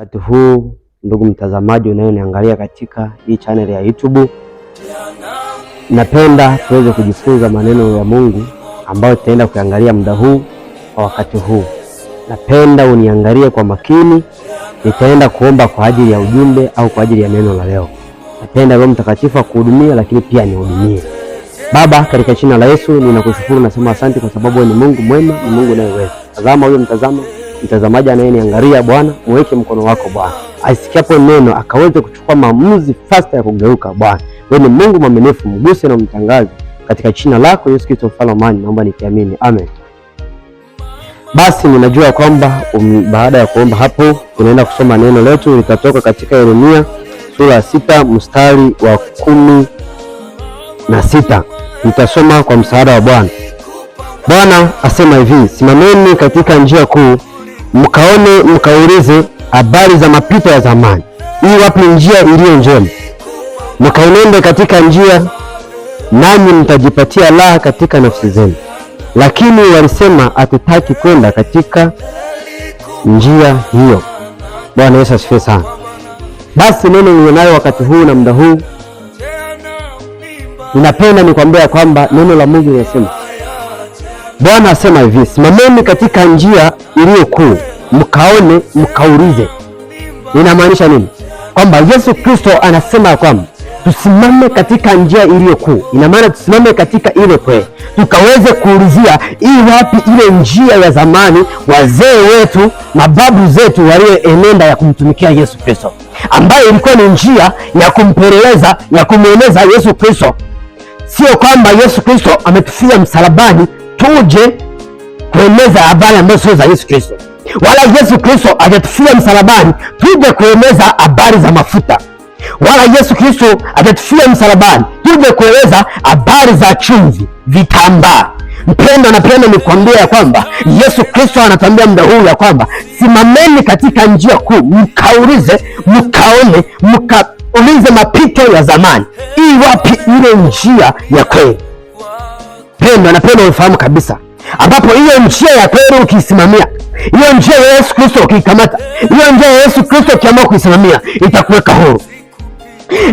Wakati huu ndugu mtazamaji unayoniangalia katika hii channel ya YouTube, napenda tuweze kujifunza maneno ya Mungu ambayo tutaenda kuangalia muda huu kwa wakati huu. Napenda uniangalie kwa makini, nitaenda kuomba kwa ajili ya ujumbe au kwa ajili ya neno la leo. Napenda Roho Mtakatifu akuhudumie, lakini pia nihudumie. Baba, katika jina la Yesu ninakushukuru, nasema asante kwa sababu wewe ni Mungu mwema, ni Mungu unayeweza. Tazama huyo mtazamo mtazamaji anayeniangalia, Bwana uweke mkono wako Bwana, aisikiapo neno akaweze kuchukua maamuzi fasta ya kugeuka. Bwana wewe ni Mungu mwaminifu, mguse na mtangaze katika jina lako Yesu Kristo mfalme amani, naomba nikiamini, amen. Basi ninajua kwamba um, baada ya kuomba hapo tunaenda kusoma neno letu litatoka katika Yeremia sura ya sita mstari wa kumi na sita. Nitasoma kwa msaada wa Bwana. Bwana asema hivi, simameni katika njia kuu mkaone mkaulize habari za mapito ya zamani, hii wapi njia iliyo njema, mkaenende katika njia, nani mtajipatia raha katika nafsi zenu. Lakini walisema hatutaki kwenda katika njia hiyo. Bwana Yesu asifiwe sana. Basi neno nilionayo wakati huu na muda huu, ninapenda nikwambia kwamba neno la Mungu linasema Bwana asema hivi, simameni katika njia iliyo kuu, mkaone mkaulize. Inamaanisha nini? Kwamba Yesu Kristo anasema kwamba tusimame katika njia iliyo kuu. Ina maana tusimame katika ile kweli, tukaweze kuulizia hii wapi ile njia ya zamani wazee wetu mababu zetu walioenenda ya kumtumikia Yesu Kristo, ambayo ilikuwa ni njia ya kumpeleleza ya kumweneza Yesu Kristo. Sio kwamba Yesu Kristo ametufia msalabani tuje kueneza habari ambazo sio za Yesu Kristo, wala Yesu Kristo hajatufia msalabani tuje kueneza habari za mafuta, wala Yesu Kristo hajatufia msalabani tuje kueleza habari za chumvi, vitambaa. Mpendwa, napenda nikuambia ya kwamba Yesu Kristo anatuambia muda huu ya kwamba simameni katika njia kuu, mkaulize, mkaone, mkaulize mapito ya zamani, wapi ile njia ya kweli pendwa, na pendwa ufahamu kabisa, ambapo hiyo njia ya kweli ukiisimamia, hiyo njia ya Yesu Kristo ukiikamata, hiyo njia ya Yesu Kristo ukiamua kuisimamia, itakuweka huru.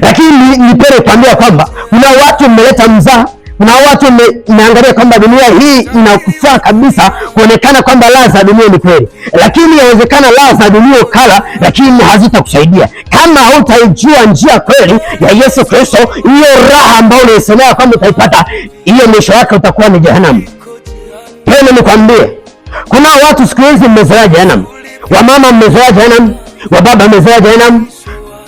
Lakini nipende kuambia kwamba kuna watu mmeleta mzaa na watu wameangalia kwamba dunia hii inakufaa kabisa kuonekana kwamba la za dunia ni kweli, lakini yawezekana raha za dunia ukala, lakini hazitakusaidia kama hautaijua njia kweli ya Yesu Kristo. Hiyo raha ambayo unaisemea kwamba utaipata, hiyo mwisho wake utakuwa ni jehanamu. Tena nikwambie, kuna watu siku hizi mmezoea jehanamu, wamama mmezoea jehanamu, wababa mmezoea jehanamu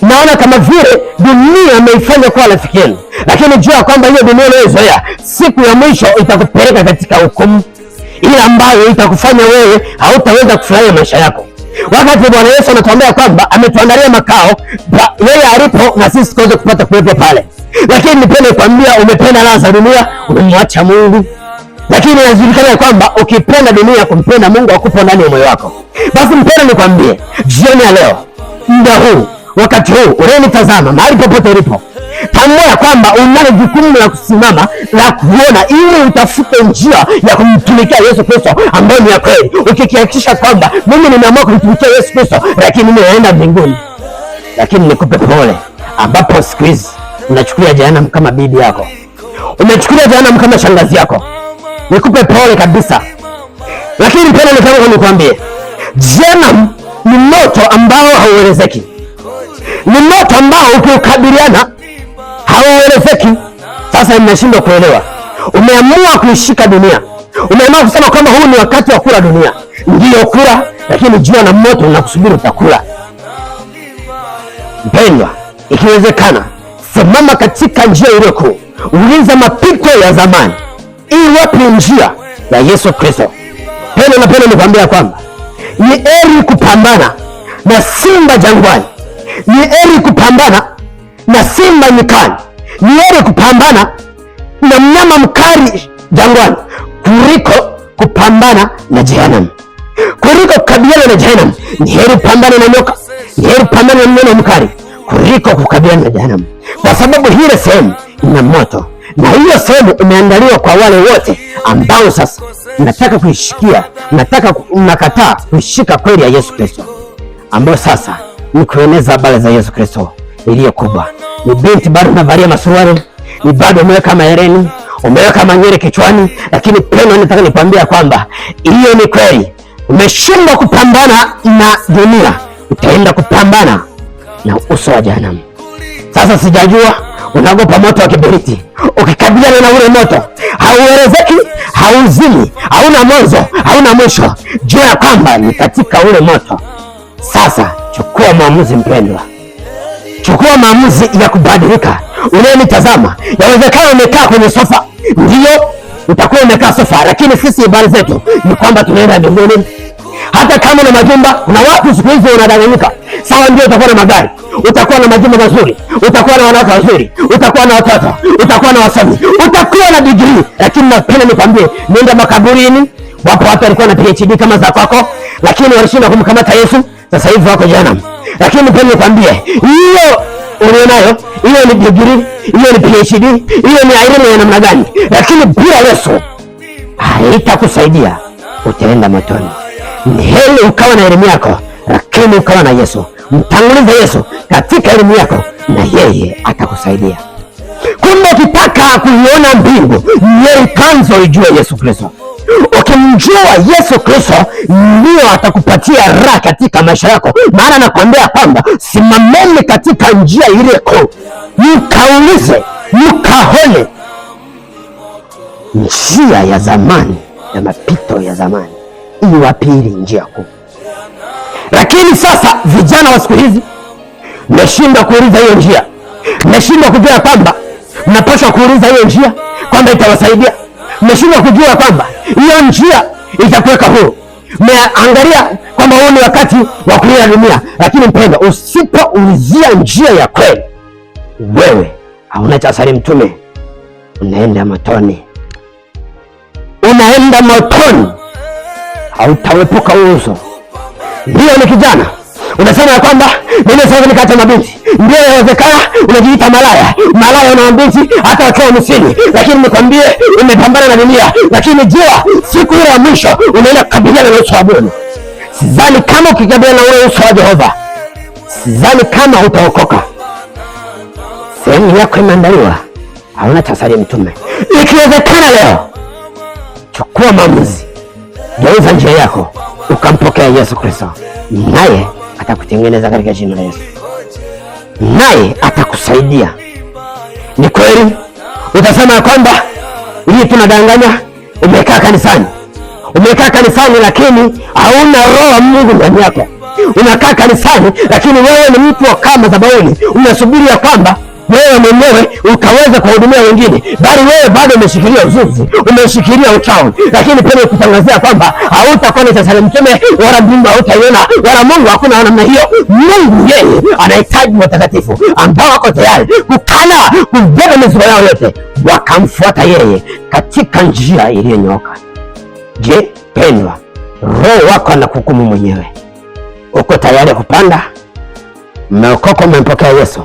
naona kama vile dunia imeifanya kuwa rafiki yenu, lakini jua kwamba hiyo dunia unayozoea siku ya mwisho itakupeleka katika hukumu ile ambayo itakufanya wewe hautaweza kufurahia maisha yako. Wakati Bwana Yesu anatuambia kwamba ametuandalia makao yeye alipo, na sisi tuweze kupata kuwepo pale. Lakini nipende kuambia, umependa raha za dunia, umemwacha Mungu. Lakini inajulikana kwamba ukipenda dunia kumpenda Mungu akupo ndani ya moyo wako. Basi mpenda nikwambie, jioni ya leo, muda huu Wakati huu unayonitazama mahali popote ulipo, tambua ya kwamba unalo jukumu la kusimama la kuona, ili utafute njia ya kumtumikia Yesu Kristo ambayo ni ya kweli, ukikiakisha kwamba mimi nimeamua kumtumikia Yesu Kristo, lakini mimi naenda mbinguni. Lakini nikupe pole, ambapo siku hizi unachukulia jehanamu kama bibi yako, umechukulia jehanamu kama shangazi yako. Nikupe pole kabisa, lakini pole, nikuambie jehanamu ni moto ambao hauelezeki ni moto ambao ukiukabiliana hauelezeki. Sasa imeshindwa kuelewa, umeamua kuishika dunia, umeamua kusema kwamba huu ni wakati wa kula dunia. Ndiyo kula, lakini jua na moto unakusubiri utakula. Mpendwa, ikiwezekana simama katika njia ile kuu, uliza mapito ya zamani, wapi njia ya Yesu Kristo. Pendo, napenda nikwambia kwamba ni eri kupambana na simba jangwani ni heri kupambana na simba nyikani, ni heri kupambana na mnyama mkali jangwani kuliko kupambana na jehanamu, kuliko kukabiliana na jehanam Ni heri kupambana na nyoka, ni heri kupambana na mnyama mkali kuliko kukabiliana na jehanam kwa sababu hile sehemu ina moto na hiyo sehemu imeandaliwa kwa wale wote ambao sasa nataka kuishikia, nataka nakataa kuishika kweli ya Yesu Kristo, ambao sasa ni kueneza habari za Yesu Kristo iliyo kubwa. Ni binti bado navalia masuruali, ni bado umeweka mahereni, umeweka manywele kichwani, lakini pendo, nataka nikwambia kwamba hiyo ni kweli. Umeshindwa kupambana na dunia, utaenda kupambana na uso wa jahanamu. Sasa sijajua unaogopa moto wa kiberiti. Ukikabiliana na ule moto hauelezeki, hauzimi, hauna mwanzo, hauna mwisho. Jua ya kwamba ni katika ule moto sasa chukua maamuzi mpendwa, chukua maamuzi ya kubadilika. Unayenitazama, yawezekana umekaa kwenye sofa, ndio utakuwa umekaa sofa, lakini sisi habari zetu ni kwamba tunaenda mbinguni. Hata kama na majumba, kuna watu siku hizi wanadanganyika. Sawa, ndio utakuwa na magari, utakuwa na majumba mazuri, utakuwa na wanawake wazuri, utakuwa na watoto, utakuwa na wasomi, utakuwa na digrii, lakini napenda nikwambie, nenda makaburini. Wapo watu walikuwa na PhD kama za kwako, lakini walishindwa kumkamata Yesu sasa hivi wako jana, lakini nipende nikwambie, hiyo ulionayo hiyo ni degree, hiyo ni PhD, hiyo ni elimu ya namna gani, lakini bila Yesu haitakusaidia, utaenda motoni. Ni heri ukawa na elimu yako, lakini ukawa na Yesu, mtanguliza Yesu katika elimu yako, na yeye atakusaidia. Kumbe ukitaka kuiona mbingu, yeye kwanza ijue Yesu Kristo. Ukimjua Yesu Kristo ndio atakupatia raha katika maisha yako, maana anakuambia kwamba simameni katika njia ile kuu, mkaulize mkaone. Njia ya zamani ya mapito ya zamani wapili njia kuu. Lakini sasa vijana wa siku hizi mmeshindwa kuuliza hiyo njia, meshindwa kujua kwamba mnapashwa kuuliza hiyo njia kwamba itawasaidia mmeshindwa kujua kwamba hiyo njia itakuweka huru. meangalia kwamba huo ni wakati wa kulia dunia, lakini mpendwa, usipoulizia njia ya kweli, wewe hauna cha mtume, unaenda motoni, unaenda motoni, hautaepuka uzo. Ndiyo ni kijana Unasema ya kwamba mimi sasa nikata mabinti, ndio inawezekana. Unajiita malaya, malaya na mabinti hata wakiwa msini, lakini nikwambie, umepambana na dunia, lakini jua siku ile ya mwisho unaenda kukabiliana na uso wa Bwana. Sidhani kama ukikabiliana na ule uso wa Jehova, sidhani kama utaokoka. Sehemu yako imeandaliwa, hauna cha sali mtume. Ikiwezekana leo chukua maamuzi, geuza njia yako, ukampokea Yesu Kristo naye atakutengeneza katika jina la Yesu, naye atakusaidia. Ni kweli utasema ya kwamba hii tunadanganya, umekaa kanisani, umekaa kanisani lakini hauna roho ya Mungu ndani yako. Unakaa kanisani lakini wewe ni mtu wa kama zabahuni, unasubiri ya kwamba wewe mwenyewe ukaweza kuhudumia wengine, bali wewe bado umeshikilia uzuzi, umeshikilia uchawi. Lakini pia nikutangazia kwamba hautakuwa na Yerusalemu mtume wala mbingu hautaiona wala Mungu, hakuna namna hiyo. Mungu yeye anahitaji watakatifu ambao wako tayari kukana kubeba mizigo yao yote, wakamfuata yeye katika njia iliyonyooka. Je, pendwa, Roho wako anakuhukumu mwenyewe. Uko tayari kupanda? Mmeokoka, umempokea Yesu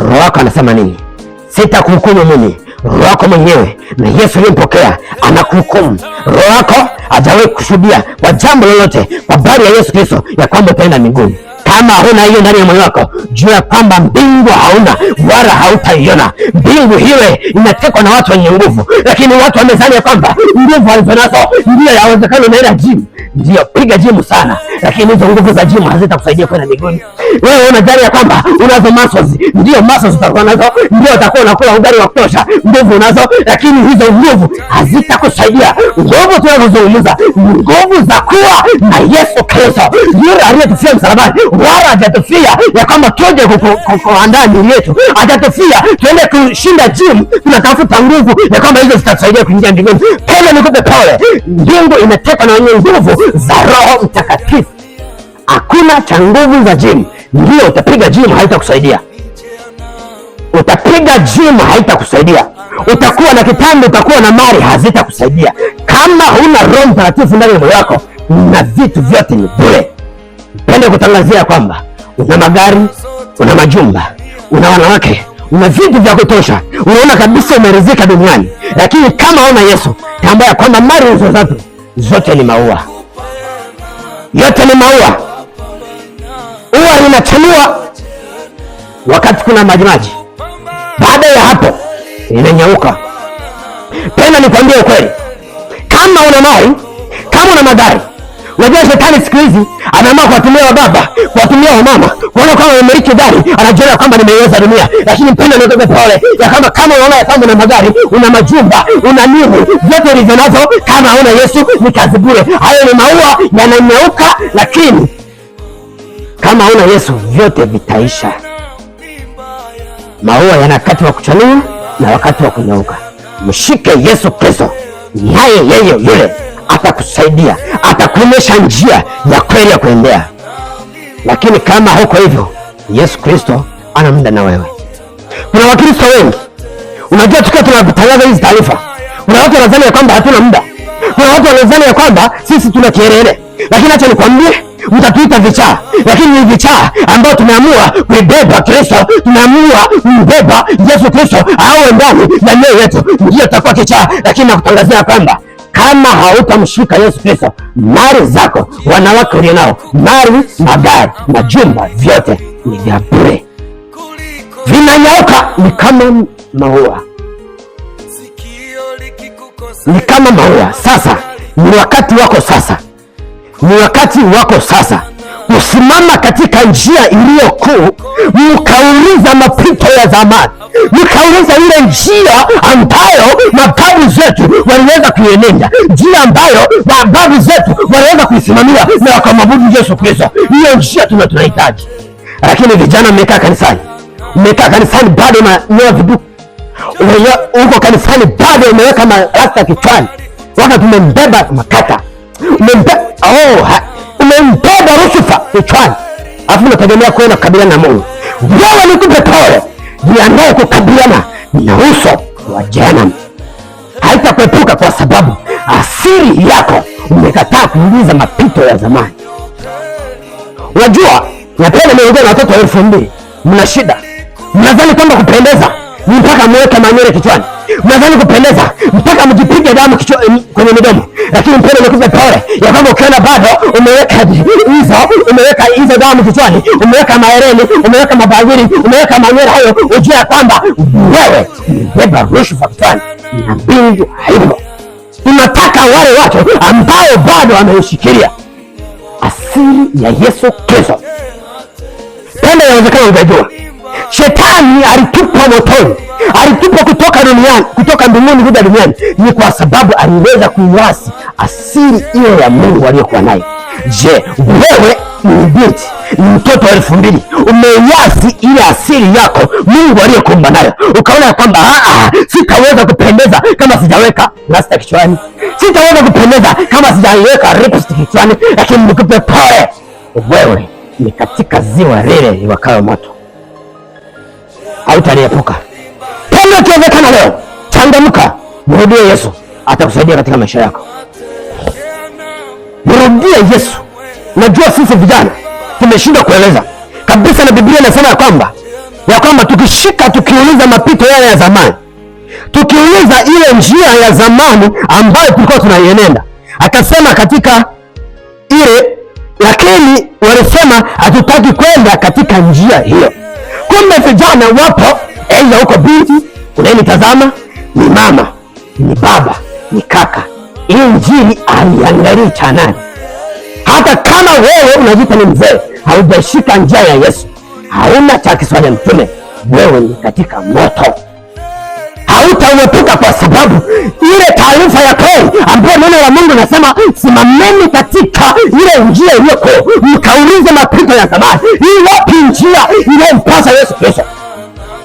roho yako anasema nini? Sitakuhukumu mimi, roho yako mwenyewe na Yesu uliyempokea anakuhukumu. Roho yako hajawahi kushuhudia kwa jambo lolote kwa habari ya Yesu Kristo ya kwamba utaenda mbinguni. Kama huna hiyo ndani ya moyo wako, jua ya kwamba mbingu hauna wala hautaiona. Mbingu hiyo inatekwa na watu wenye nguvu, lakini watu wamezani ya kwamba nguvu walizonazo ndio yawezekano. Unaenda jimu, ndio piga jimu sana lakini hizo nguvu za jimu hazitakusaidia kwenda mbinguni. Wewe unajali ya kwamba unazo muscles, ndio muscles utakuwa nazo, ndio utakuwa unakula ugali wa kutosha, nguvu unazo, lakini hizo nguvu hazitakusaidia. Nguvu tunazozungumza nguvu za kuwa na Yesu Kristo, yule aliyetufia msalabani. Wala hajatufia ya kwamba tuje kuandaa mili yetu, hajatufia tuende kushinda jimu tunatafuta nguvu ya kwamba hizo zitatusaidia kuingia mbinguni. Pole nikupe pole, mbingu imetekwa na wenye nguvu za Roho Mtakatifu. Hakuna cha nguvu za gym. Ndio utapiga gym haitakusaidia, utapiga gym haitakusaidia, utakuwa na kitambo, utakuwa na mali, hazitakusaidia kama huna Roho Mtakatifu ndani ya moyo wako, na vitu vyote ni bure. Pende kutangazia kwamba una magari, una majumba, una wanawake, una vitu vya kutosha, unaona kabisa umeridhika duniani, lakini kama una Yesu, tambua kwamba mali hizo zote zote ni maua, yote ni maua huwa inachanua wakati kuna majimaji, baada ya hapo inanyauka Tena nikwambie ukweli, kama una mali, kama una magari Unajua shetani siku hizi anaamua kuwatumia wababa, kuwatumia wamama, kuona kama wamiliki gari, anajiona kwamba nimeiweza dunia. Lakini mpenda, nikupe pole ya kwamba kama unaona ya kwamba una magari, una majumba, una nini, vyote ulivyo navyo, kama una Yesu ni kazi bure. Hayo ni maua yananyauka, lakini Bwana Yesu vyote vitaisha. Maua yana wakati wa kuchanua na wakati wa kunyauka. Mshike Yesu Kristo, naye yeye yule atakusaidia, atakuonyesha njia ya kweli ya kuendea. Lakini kama huko hivyo, Yesu Kristo ana muda na wewe. Kuna Wakristo wengi, unajua, tukiwa tunatangaza hizi taarifa, kuna watu wanadhani ya kwamba hatuna muda, kuna watu wanadhani ya kwamba sisi tuna kiherehere, lakini acha nikwambie mtatuita vichaa, lakini ni vichaa ambao tumeamua kuibeba Kristo, tumeamua kumbeba Yesu Kristo awe ndani ya mioyo yetu, ndio takuwa kichaa. Lakini nakutangazia kwamba kama hautamshika Yesu Kristo, mali zako, wanawake ulio nao, mali, magari, majumba, vyote ni vya bure, vinanyauka. Ni kama maua, ni kama maua. Sasa ni wakati wako sasa ni wakati wako sasa kusimama katika njia iliyo kuu, mkauliza mapito ya zamani, mkauliza ile njia ambayo mababu zetu waliweza kuienenda, njia ambayo mababu zetu waliweza kuisimamia na wakamwabudu Yesu Kristo. Hiyo njia tuna tunahitaji. Lakini vijana, mmekaa kanisani, mmekaa kanisani bado unanyoa viduku, huko kanisani bado umeweka marasta kichwani, wakati umembeba makata umembeba Oh, umempoda Lucifer kichwani, alafu unategemea kwenda kukabiliana na Mungu. Jana nikupe pole, jiandae kukabiliana na uso wa jehanamu. Haitakuepuka kwa sababu asili yako umekataa kuuliza mapito ya zamani. Unajua, napenda miongoni na watoto wa elfu mbili mna shida, mnadhani kwamba kupendeza ni mpaka mweke manyele kichwani mnadhani kupendeza mpaka mjipige damu kwenye midomo, lakini mpende umekuza pole ya kwamba ukiona bado umeweka hizo umeweka hizo damu kichwani, umeweka maereni, umeweka mabangili, umeweka manywele hayo, ujue ya kwamba wewe umebeba rushwa kichwani na mbingu haipo. unataka wale watu ambao bado wameushikilia asili ya Yesu Kristo. Pendo inawezekana ujajua Shetani alitupwa motoni, alitupwa kutoka duniani, kutoka mbinguni kuja duniani, ni kwa sababu aliweza kuiasi asili ile ya Mungu aliyokuwa nayo. Je, wewe ni binti, ni mtoto wa elfu mbili, umeiasi ile asili yako Mungu aliyokuumba nayo, ukaona kwamba ah, ah, sitaweza kupendeza kama sijaweka rasta kichwani, sitaweza kupendeza kama sijaiweka lipstick kichwani, lakini nikupe pole, wewe ni katika ziwa lile liwakayo moto hautaliepuka. Kama ikiwezekana leo, changamka, mrudie Yesu, atakusaidia katika maisha yako. Mrudie Yesu. Najua sisi vijana tumeshindwa kueleza kabisa, na Biblia inasema ya kwamba ya kwamba tukishika tukiuliza mapito yale ya zamani, tukiuliza ile njia ya zamani ambayo tulikuwa tunaienenda, akasema katika ile, lakini walisema hatutaki kwenda katika njia hiyo. Kumbe vijana wapo, aidha huko binti unayenitazama ni mama, ni baba, ni kaka. Injili haiangalii chanani Hata kama wewe unajita ni mzee, haujashika njia ya Yesu, hauna cha Kiswahili ya mtume, wewe ni katika moto hautauepuka kwa sababu ile taarifa ya kweli ambayo neno la Mungu nasema, simameni katika ile njia iliyoko, mkaulize mapito ya zamani, hii wapi njia inayompasa Yesu Kristo?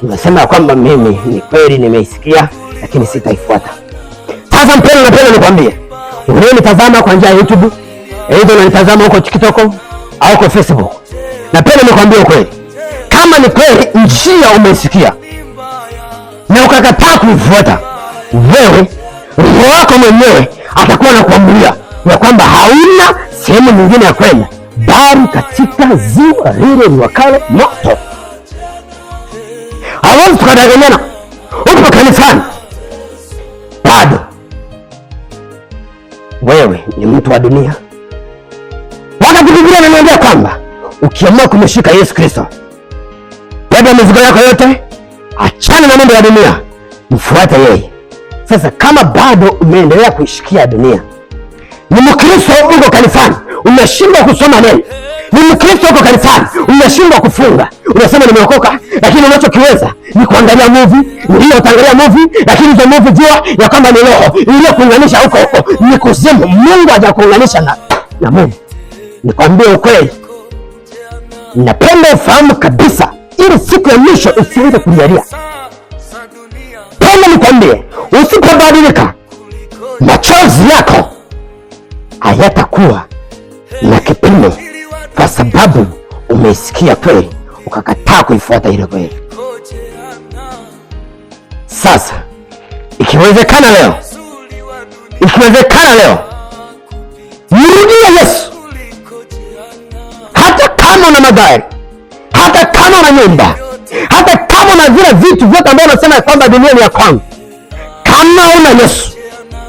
Unasema ya kwamba mimi ni kweli nimeisikia, lakini sitaifuata. Sasa mpendo, napenda nikwambie, unanitazama kwa njia ya YouTube, aidha unanitazama huko TikTok au kwa Facebook, napenda nikwambie ukweli. Kama ni kweli njia umeisikia na ukakataa kuifuata, wewe roho yako mwenyewe atakuwa na kuamulia ya kwamba hauna sehemu nyingine ya kwenda, bali katika ziwa lile liwakalo moto. Hawezi tukadanganyana, upo kanisani bado wewe ni mtu wa dunia, wakati Biblia inaniambia kwamba ukiamua kumshika Yesu Kristo, beba mizigo yako yote Achana na mambo ya dunia, mfuate yeye. Sasa kama bado umeendelea kuishikia dunia, ni Mkristo uko kanisani, umeshindwa kusoma neno, ni Mkristo uko kanisani, umeshindwa kufunga, unasema nimeokoka, lakini unachokiweza ni kuangalia movie, ndio utaangalia movie, lakini hizo movie jua ya kwamba ni roho iliyokuunganisha huko huko ni kuzimu. Mungu hajakuunganisha na, na Mungu. Nikwambie ukweli, napenda ufahamu kabisa ili siku ya mwisho usiweze kujalia. Penda nikwambie, usipobadilika machozi yako hayatakuwa na kipimo, kwa sababu umeisikia kweli ukakataa kuifuata ile kweli. Sasa ikiwezekana leo, ikiwezekana leo, mrudie Yesu hata kama una madhari hata kama na nyumba, hata kama na vile vitu vyote ambavyo ya kwamba dunia ni ya kwangu, kama una Yesu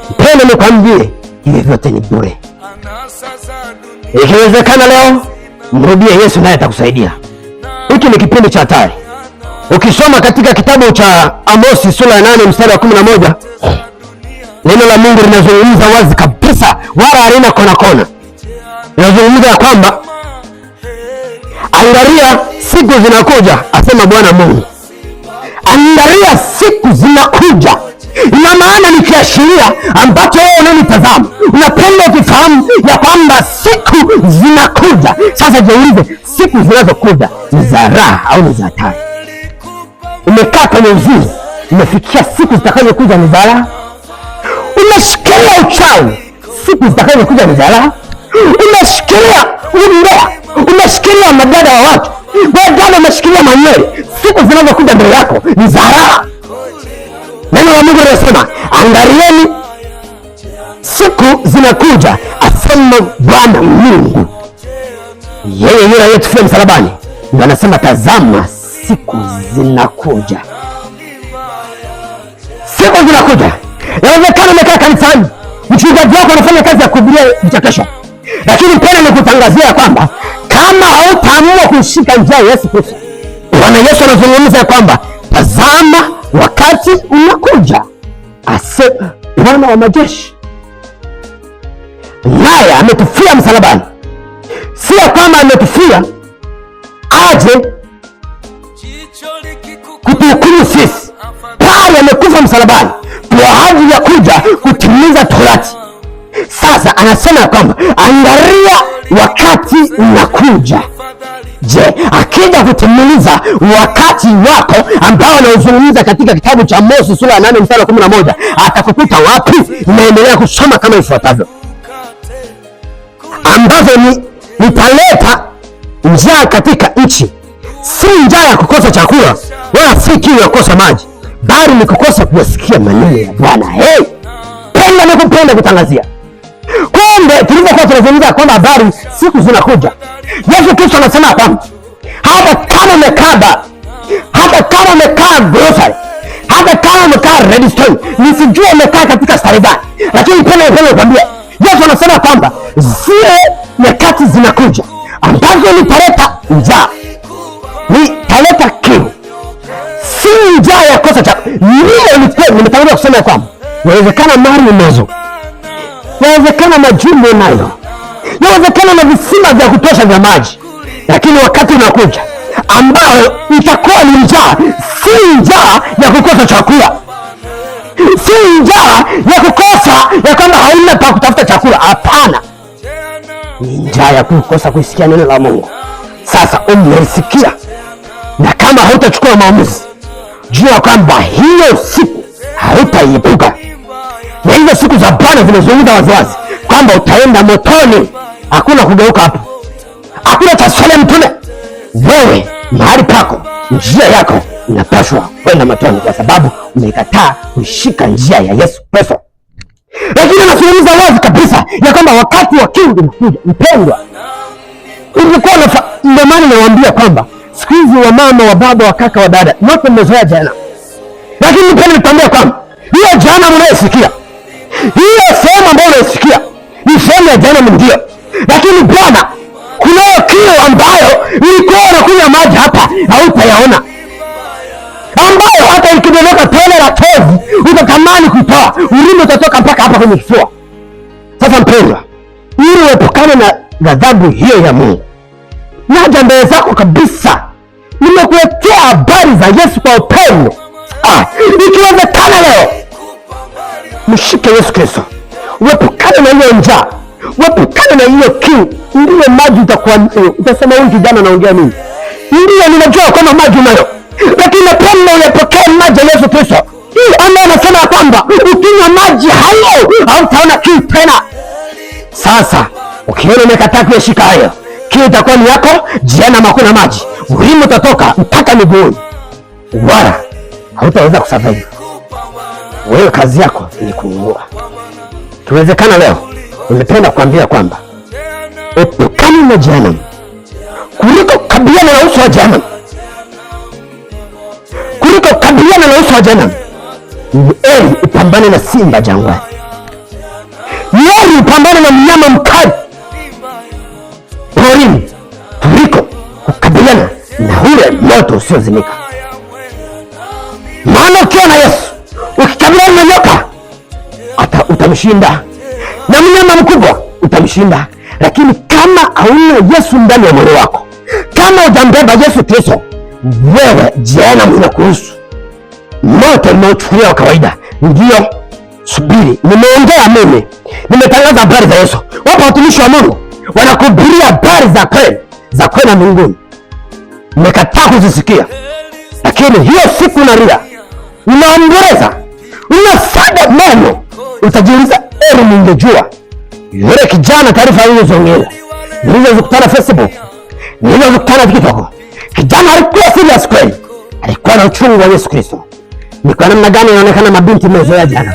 mpende, nikwambie hivi vyote ni bure. Ikiwezekana leo mrudie Yesu, naye atakusaidia. Hiki ni kipindi cha hatari. Ukisoma katika kitabu cha Amosi sura ya 8 mstari wa 11 neno la Mungu linazungumza wazi kabisa, wala halina kona kona. Linazungumza ya kwamba angalia siku zinakuja, asema Bwana Mungu. Angalia, siku zinakuja ina maana ni kiashiria ambacho wewe unanitazama unapenda ukifahamu ya kwamba siku zinakuja. Sasa jiulize, siku zinazokuja ni za raha au ni za hatari? Umekaa kwenye uzinzi, umefikia siku zitakazokuja ni za raha? Umeshikilia uchawi, siku zitakazokuja ni za raha? Umeshikilia umbea, umeshikilia magada wa watu wewe bado umeshikilia manyele, siku zinazokuja mbele yako ni za raha. Neno la Mungu linasema angalieni, siku zinakuja, asema Bwana Mungu, yeye yule aliyetufia msalabani ndio anasema, tazama siku zinakuja, siku zinakuja. yawezekana umekaa kanisani, mchungaji wako anafanya kazi ya kuhubiria vichekesho, lakini mpenda nikutangazia kwamba kama hautaamua kushika njia ya Yesu Kristo. Bwana Yesu anazungumza kwamba tazama, wakati unakuja, asema Bwana wa majeshi, naye ametufia msalabani. Si ya kwamba ametufia aje kutuhukumu sisi, pale amekufa msalabani kwa ajili ya kuja kutimiza torati sasa anasema kwamba angalia, wakati unakuja. Je, akija kutimiliza wakati wako ambao anaozungumza katika kitabu cha Mose sura ya 8 mstari wa 11 atakukuta wapi? Naendelea kusoma kama ifuatavyo, ambazo ni nitaleta njaa katika nchi, si njaa ya kukosa chakula wala si kiu ya kukosa maji, bali ni kukosa kuwasikia maneno ya Bwana. Hey, penda nikupenda kupenda kutangazia Kumbe tulivyokuwa tunazungumza kwamba habari siku zinakuja, Yesu Kristo anasema kwamba hata kama umekaa baa, hata kama umekaa grocery, hata kama umekaa red stone, nisijue umekaa katika starehe gani, lakini tena tena nikwambia, Yesu anasema kwamba zile nyakati zinakuja ambazo nitaleta njaa, nitaleta kiu, si njaa ya kosa chako. Nile ulikuwa nimetangulia kusema kwamba inawezekana mali unazo yawezekana majumbe nayo, yawezekana na visima vya kutosha vya maji, lakini wakati unakuja ambayo itakuwa ni njaa, si njaa ya kukosa chakula, si njaa ya kukosa ya kwamba haina pa kutafuta chakula. Hapana, ni njaa ya kukosa kuisikia neno la Mungu. Sasa umelisikia, na kama hautachukua maamuzi, jua kwamba hiyo siku hautaipuka na hizo siku za Bwana zimezungumza waziwazi kwamba utaenda motoni, hakuna kugeuka hapo, hakuna cha Salemu Mtume Wewe mahali pako, njia yako inapaswa kwenda motoni, kwa sababu umekataa kushika njia ya Yesu Kristo. Lakini anazungumza wazi kabisa ya kwamba wakati wa kiu unakuja, mpendwa. Ndio maana nawaambia kwamba siku hizi wa mama wa baba wa kaka wa dada wote mmezoea jana, lakini nipende nikuambia kwamba hiyo jana mnayosikia hiyo sehemu ambayo unaisikia ni sehemu ya jehanamu, ndio. Lakini Bwana, kunayo kiu ambayo ilikuwa unakunywa maji hapa, hautayaona ambayo hata ikidondoka tone la tozi utatamani kuitoa, urimi utatoka mpaka hapa kwenye kifua. Sasa mpendwa, ili uepukane na ghadhabu hiyo ya Mungu, naja mbele zako kabisa, nimekuletea habari za Yesu kwa cha Yesu Kristo. Uepukane na hiyo njaa, uepukane na hiyo kiu, ndiyo maji utakuwa nayo. Eh, utasema huyu kijana anaongea nini? Ndiyo, ninajua kwamba maji unayo, lakini napenda uyapokee maji ya Yesu Kristo ambaye anasema kwamba ukinywa maji hayo hautaona kiu tena. Sasa ukiona miaka tatu ya shika hayo, kiu itakuwa ni yako. Jiana makuna maji urimu utatoka mpaka miguuni, wala hautaweza kusurvive. Wewe kazi yako ni kuniua. Kiwezekana leo nimependa kuambia kwamba epukani na jehanamu kuliko kabiliana na uso wa jehanamu, kuliko kabiliana na uso wa jehanamu. Ni heri upambane na simba jangwani, ni heri upambane na mnyama mkali porini kuliko kukabiliana na ule moto usiozimika, maana ukiwa na Yesu Samia ata utamshinda, na mnyama mkubwa utamshinda, lakini kama hauna Yesu ndani ya moyo wako, kama hujambeba Yesu Kristo, wewe jehanamu inakuhusu. Moto unaochukulia wa kawaida ndio subiri. Nimeongea mimi, nimetangaza habari za Yesu. Wapo watumishi wa Mungu wanakuhubiria habari za kweli za kwenda mbinguni, umekataa kuzisikia, lakini hiyo siku unalia, unaomboleza Unasaga meno, utajiuliza eri, ningejua yule kijana taarifa alizongea nilizozikutana Facebook, nilizozikutana TikTok, kijana alikuwa serious kweli, alikuwa na uchungu wa Yesu Kristo. Ni kwa namna gani inaonekana mabinti mmezoea jana,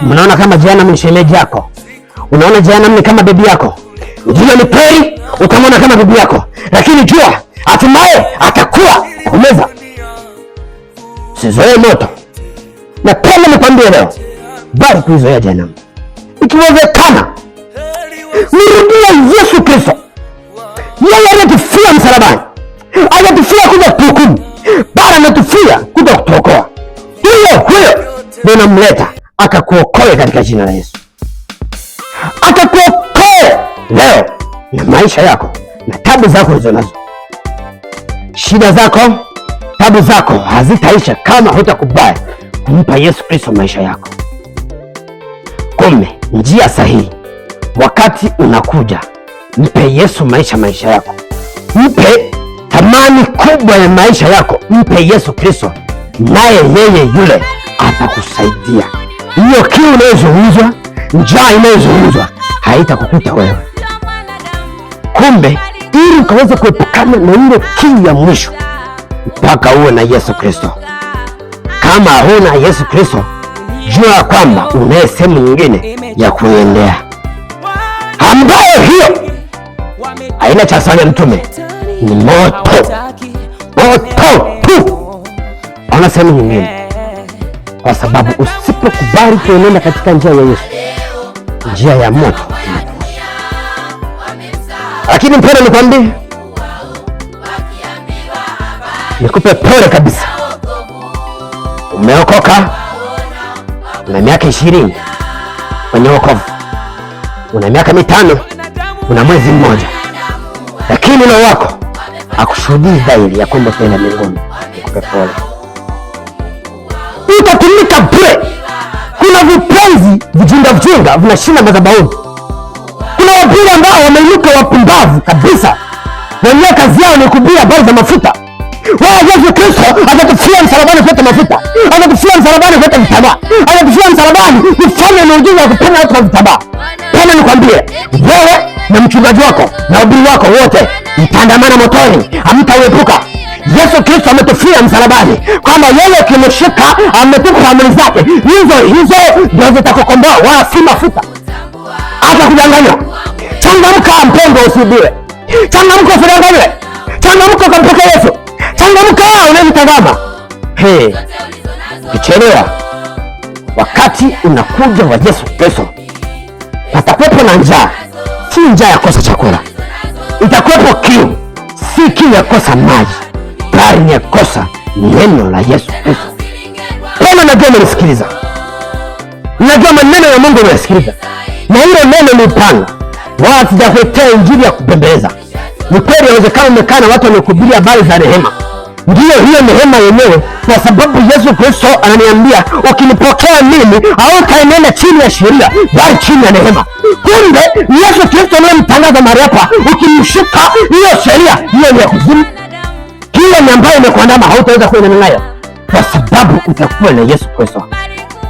mnaona kama jana ni shemeji yako, unaona jana ni kama bibi yako, ndio ni kweli, utamwona kama bibi yako, lakini jua hatimaye atakuwa kumeza sizoee moto Napenda nikwambie leo, bali kuizoea jehanamu. Ikiwezekana mirudie Yesu Kristo, yeye anatufia msalabani, anatufia kuja kutuhukumu, bali anatufia kuja kutuokoa. Huyo huyo ndio namleta akakuokoe katika jina la Yesu, akakuokoe leo na maisha yako na tabu zako ulizo nazo. Shida zako, tabu zako hazitaisha kama hutakubaya kumpa Yesu Kristo maisha yako. kumbe njia sahihi, wakati unakuja, mpe Yesu maisha maisha yako, mpe thamani kubwa ya maisha yako, mpe Yesu Kristo, naye yeye yule atakusaidia. Hiyo kiu inayozungumzwa, njaa inayozungumzwa haitakukuta wewe. Kumbe ili ukaweza kuepukana na ile kiu ya mwisho, mpaka uwe na Yesu Kristo. Kama huna Yesu Kristo, jua kwamba unaye sehemu nyingine ya kuendea ambayo hiyo aina cha sana. Mtume ni moto, moto tu, sehemu nyingine, kwa sababu usipokubali kuenenda katika njia ya Yesu, njia ya moto. Lakini mpendo, nikwambie, nikupe pole kabisa Umeokoka, una miaka ishirini kwenye wokovu, una miaka mitano, una mwezi mmoja, lakini roho wako akushuhudii dhahiri ya kwenda tena mbinguni. Nikupe utatumika bure. Kuna vipenzi vijinga vijinga vinashinda madhabahuni. Kuna wapili ambao wameinuka wapumbavu kabisa, wenyewe kazi yao ni kubia habari za mafuta wewe Yesu Kristo atakufia msalabani kuleta mafuta, atakufia msalabani kuleta vitambaa, atakufia msalabani kufanya miujiza ya kupona watu kwa vitambaa. Tena nikwambie wewe na mchungaji wako na ubiri wako wote mtaandamana motoni, hamtauepuka. Yesu Kristo ametufia msalabani, kwamba yeye kimeshika ametupa amri zake, hizo hizo ndio zitakukomboa, wala si mafuta. Hata kudanganywa, changamka mpendwa, usibie. Changamka usidanganywe, changamka ukampokea Yesu changamka, unamtazama hey, kuchelewa. Wakati unakuja wa Yesu Kristo, patakuwepo na njaa, si njaa ya kosa chakula. Itakuwepo kiu, si kiu ya kosa maji, bali ni ya kosa neno la Yesu Kristo. Pena, najua umenisikiliza, najua maneno ya Mungu unayasikiliza, na hilo neno ni upanga, wala sijakuletea injili ya kubembeleza. Ni kweli, yawezekana umekaa na watu wamekuhubiria habari za rehema Ndiyo, hiyo nehema yenyewe, kwa sababu Yesu Kristo ananiambia ukinipokea mimi hautaenenda chini ya sheria, bali chini ya neema. Kumbe Yesu Kristo anayemtangaza mahali hapa, ukimshika hiyo sheria, hiyo ni ya kuzimu, ni ambayo imekuandama hautaweza kuenenda nayo, kwa sababu utakuwa na Yesu Kristo.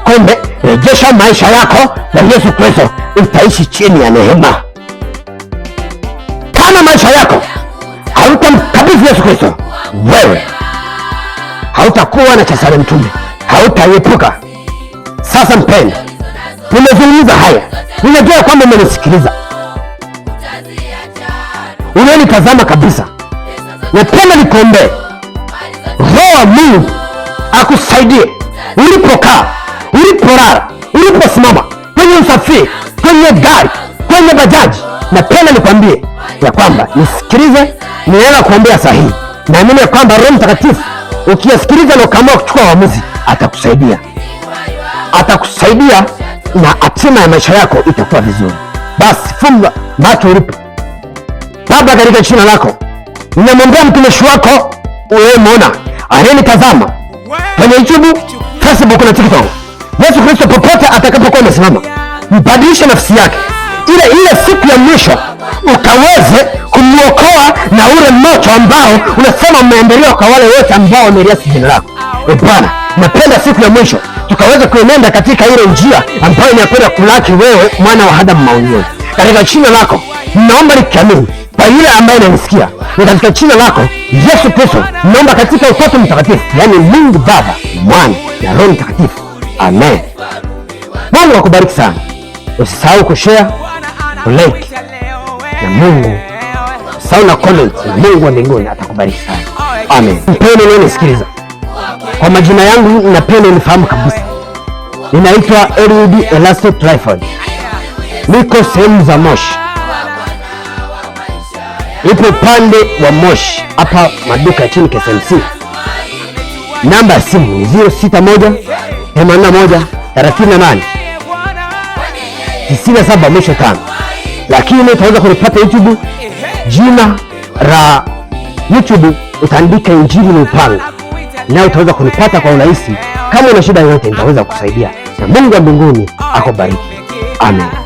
Kumbe rejesha maisha yako na Yesu Kristo, utaishi chini ya neema. Kama maisha yako hautamkabidhi Yesu Kristo wewe hautakuwa na chasare mtume, hautaepuka. Sasa mpendo, tumezungumza haya, ninajua kwamba umenisikiliza, unanitazama kabisa. Napenda nikuombee, Roho wa Mungu akusaidie ulipokaa, ulipolala, uliposimama, kwenye usafiri, kwenye gari, kwenye bajaji. Napenda nikwambie ya kwamba nisikilize, ninaenda kuombea sahihi Naamini kwamba Roho Mtakatifu ukiyasikiliza na ukaamua kuchukua uamuzi, atakusaidia atakusaidia, na hatima ya maisha yako itakuwa vizuri. Basi funga macho ulipo. Baba, katika jina lako ninamwombea mtumishi wako uliyemwona anayenitazama kwenye YouTube, Facebook na TikTok. Yesu Kristo, popote atakapokuwa amesimama, mbadilishe nafsi yake ile ile siku ya mwisho ukaweze kumwokoa na ule moto ambao unasema umeandaliwa kwa wale wote ambao wameliasi jina lako. E Bwana, napenda siku ya mwisho tukaweze kuenenda katika ile njia ambayo inakwenda kulaki wewe mwana wa Adamu maonyoni. Katika jina lako naomba nikiamini kwa yule ambaye ananisikia ni katika jina lako Yesu Kristo naomba katika utoto Mtakatifu, yaani Mungu Baba, Mwana na Roho Mtakatifu, amen. Bwana wakubariki sana, usisahau kushare like ya Mungu sauna comment Mungu wa mbinguni atakubariki sana. Amen. Mpendo nene, sikiliza kwa majina yangu napenda nifahamu kabisa. Ninaitwa Eliud Elasto Tryphon, niko sehemu za Moshi, ipo upande wa Moshi hapa maduka ya chini KSMC. Namba ya simu ni 061 81 38 97 mwisho tano lakini utaweza kunipata YouTube, jina la YouTube utaandika Injili na Upanga, nayo utaweza kunipata kwa urahisi. Kama una shida yoyote, nitaweza kukusaidia, na Mungu wa mbinguni akubariki. Amen.